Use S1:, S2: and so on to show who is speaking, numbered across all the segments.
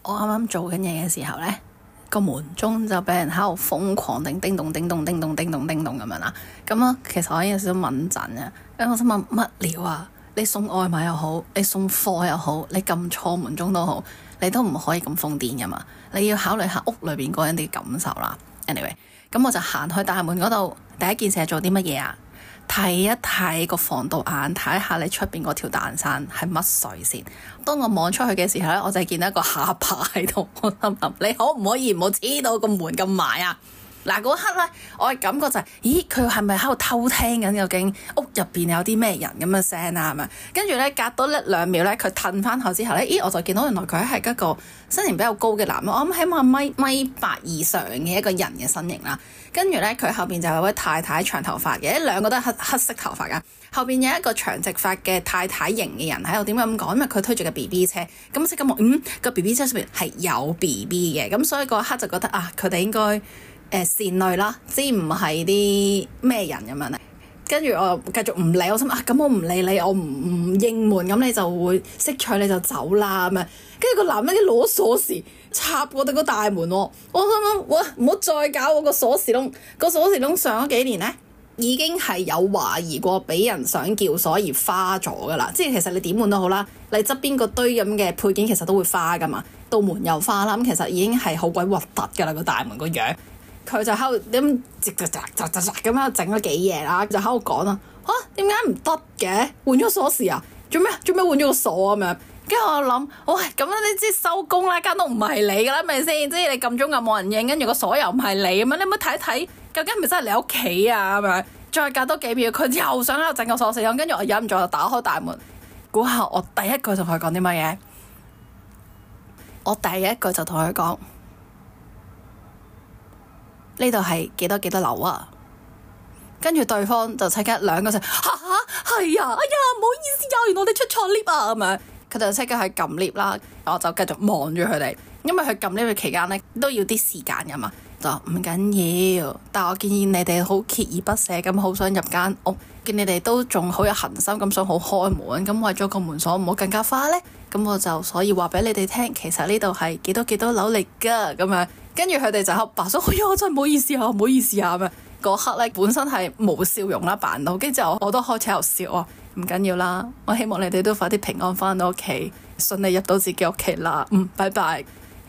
S1: .我啱啱做緊嘢嘅時候呢，個門鐘就畀人喺度瘋狂叮叮咚叮咚叮咚叮咚叮咚咁樣啦。咁啊，其實我有少少敏感啊，因為我想問乜料啊？你送外賣又好，你送貨又好，你撳錯門鐘都好，你都唔可以咁瘋癲噶嘛。你要考慮下屋裏邊嗰人嘅感受啦。Anyway，咁我就行去大門嗰度，第一件事係做啲乜嘢啊？睇一睇個防盜眼，睇下你出邊嗰條蛋散係乜水先。當我望出去嘅時候咧，我就見到一個下巴喺度。我心諗你可唔可以唔好黐到個門咁埋啊？嗱，嗰刻咧，我嘅感覺就係，咦，佢係咪喺度偷聽緊？究竟屋入邊有啲咩人咁嘅聲啊？係咪，跟住咧，隔多一兩秒咧，佢褪翻後之後咧，咦，我就見到原來佢係一個身形比較高嘅男，我諗起碼米米八以上嘅一個人嘅身形啦。跟住咧，佢後邊就有位太太長頭髮嘅，兩個都係黑黑色頭髮噶。後邊有一個長直髮嘅太太型嘅人喺度，點解咁講，因為佢推住個 B B 車。咁即係今嗯、個 B B 車上面係有 B B 嘅，咁所以嗰刻就覺得啊，佢哋應該，誒、呃、善類啦，知唔係啲咩人咁樣咧？跟住我繼續唔理，我心啊，咁我唔理你，我唔唔應門，咁你就會識趣你就走啦咁啊！跟住個男人啲攞鎖匙插我哋個大門，喔，我我心諗哇，唔好再搞我個鎖匙窿，個鎖匙窿上咗幾年咧，已經係有懷疑過俾人想撬鎖，所以花咗噶啦。即係其實你點換都好啦，你側邊個堆咁嘅配件其實都會花噶嘛，到門又花啦，咁其實已經係好鬼核突噶啦個大門個樣。佢就喺度咁，喳喳喳喳喳咁樣整咗幾嘢啦，就喺度講啊，嚇點解唔得嘅？換咗鎖匙啊？做咩？做咩換咗個鎖咁樣？跟住我諗，哇！咁啊，哎，咁樣你即係收工啦，間都唔係你嘅啦，係咪先？即係你咁鍾又冇人應，跟住個鎖又唔係你咁樣，你唔好睇一睇，究竟係咪真係你屋企啊？咁樣再隔多幾秒，佢又想喺度整個鎖匙，跟住我忍唔住，我打開大門，估下我第一句同佢講啲乜嘢？我第一句就同佢講。呢度係幾多幾多樓啊？跟住對方就即刻兩個就，哈哈，係啊，哎呀唔好意思完啊，原來我哋出錯 lift 啊，係咪？佢就即刻喺撳 lift 啦，我就繼續望住佢哋，因為佢撳 lift 嘅期間呢都要啲時間噶嘛，就唔緊要。但我建議你哋好鍥而不捨咁，好想入間屋，見你哋都仲好有恒心咁想好開門，咁為咗個門鎖唔好更加花呢。咁我就所以話畀你哋聽，其實呢度係幾多幾多樓嚟噶，咁樣。跟住佢哋就嚇，白叔，哎呀，我真係唔好意思啊，唔好意思啊咁樣。嗰刻咧，本身係冇笑容啦，扮到跟住之後我，我都開始喺度笑啊，唔緊要啦。我希望你哋都快啲平安返到屋企，順利入到自己屋企啦。嗯，拜拜。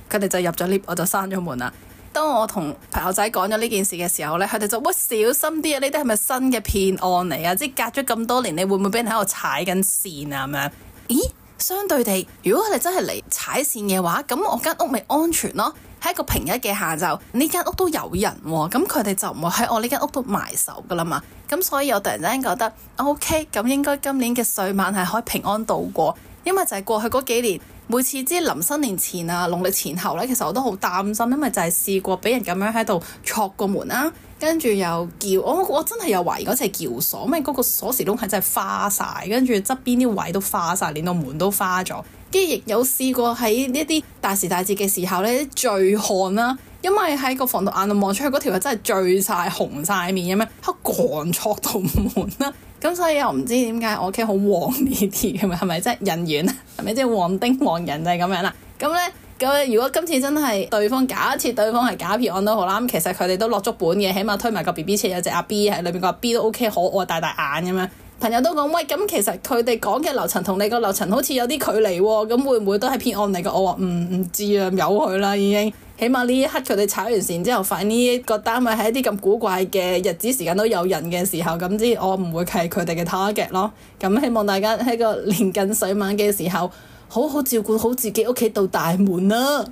S1: 佢哋就入咗 lift，我就閂咗門啦。當我同朋友仔講咗呢件事嘅時候咧，佢哋就，喂，小心啲啊！呢啲係咪新嘅騙案嚟啊？即係隔咗咁多年，你會唔會畀人喺度踩緊線啊？咁樣咦？相對地，如果佢哋真係嚟踩線嘅話，咁我間屋咪安全咯？喺一個平日嘅下晝，呢間屋都有人喎，咁佢哋就唔會喺我呢間屋度埋手噶啦嘛，咁所以我突然之間覺得 OK，咁應該今年嘅歲晚係可以平安度過，因為就係過去嗰幾年，每次知臨新年前啊、農曆前後咧，其實我都好擔心，因為就係試過畀人咁樣喺度闖個門啦，跟住又叫，我我真係又懷疑嗰次係撬鎖，因為嗰個鎖匙窿係真係花晒。跟住側邊啲位都花晒，連個門都花咗。啲亦有試過喺呢啲大時大節嘅時候呢，醉漢啦，因為喺個防盜眼度望出去嗰條又真係醉晒紅晒面咁樣，佢狂挫到門啦。咁、啊、所以我唔知點解我屋企好旺呢啲咁啊？係咪即係人緣啊？係咪即係旺丁旺人就係咁樣啦？咁呢，咁如果今次真係對方假設對方係假皮案都好啦，咁其實佢哋都落足本嘅，起碼推埋個 B B 車有隻阿 B 喺裏邊，個阿 B 都 O K 可愛大大眼咁樣。朋友都講，喂，咁其實佢哋講嘅樓層同你個樓層好似有啲距離喎，咁會唔會都係騙案嚟㗎？我話唔唔知啊，由佢啦已經。起碼呢一刻佢哋炒完線之後，發現呢個單位喺一啲咁古怪嘅日子時間都有人嘅時候，咁之我唔會係佢哋嘅 target 咯。咁希望大家喺個年近歲晚嘅時候，好好照顧好自己屋企度大門啦。